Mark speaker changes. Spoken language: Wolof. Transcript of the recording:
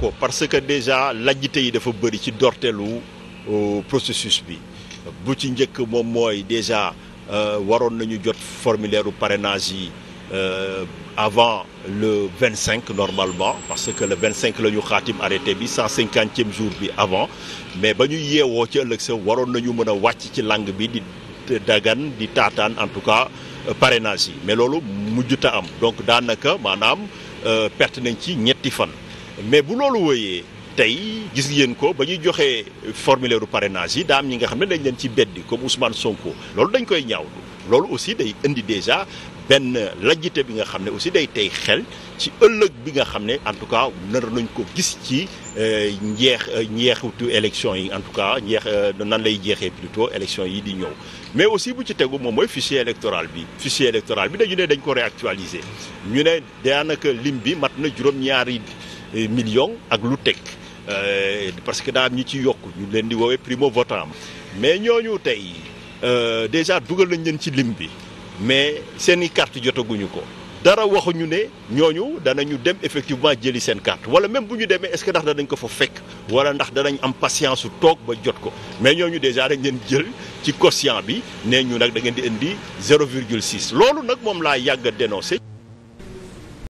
Speaker 1: ko parce que déjà lajjite yi dafa bëri ci dorteelu euh, processus bi bu ci njëkk moom mooy déjà euh, waroon nañu jot formulaire u parrainage yi euh, avant le 25 normalement parce que le 25 la ñu xaatim arrêté bi 150e jour bi avant mais ba ñu yeewoo ci ëllëg sa waroon nañu mën a wàcc ci langue bi di dagan di taataan en tout cas parrainage yi mais loolu mujjuta am donc daanaka maanaam perte nañ ci ñetti fan. mais bu loolu wooyee tey gis ngeen ko ba ñuy joxee formulaire u parrainage yi daa ñi nga xam ne dañ leen ci beddi comme Ousmane Sonko loolu dañ koy ñaawlu loolu aussi day indi déjà benn lajjite bi nga xam ne aussi day tey xel ci ëllëg bi nga xam ne en tout cas nar nañ ko gis ci euh, njeex euh, njeexitu élection yi en tout cas njeex euh, nan lay jeexee plutôt élection yi di ñëw mais aussi bu ci tegu moom mooy fichier électoral bi fichier électoral bi dañu ne dañ ko réactualiser ñu ne daanaka lim bi mat na juróom-ñaari Eh, millions ak lu teg eh, parce que daa am ñi ci yokk ñu leen di woowee primo votant mais ñoo ñooñu tey euh, déjà dugal nañ leen ci lim bi mais seen i carte jotaguñu ko dara waxuñu ne ñoo ñooñu danañu dem effectivement jëli seen carte wala même bu ñu demee est-ce que ndax danañ ko fa fekk wala ndax danañ am patience su toog ba jot ko mais ñoo ñu déjà dañ leen jël ci quotient bi ne ñu nag dangeen di indi 0,6 loolu nag moom laa yàgga a dénoncé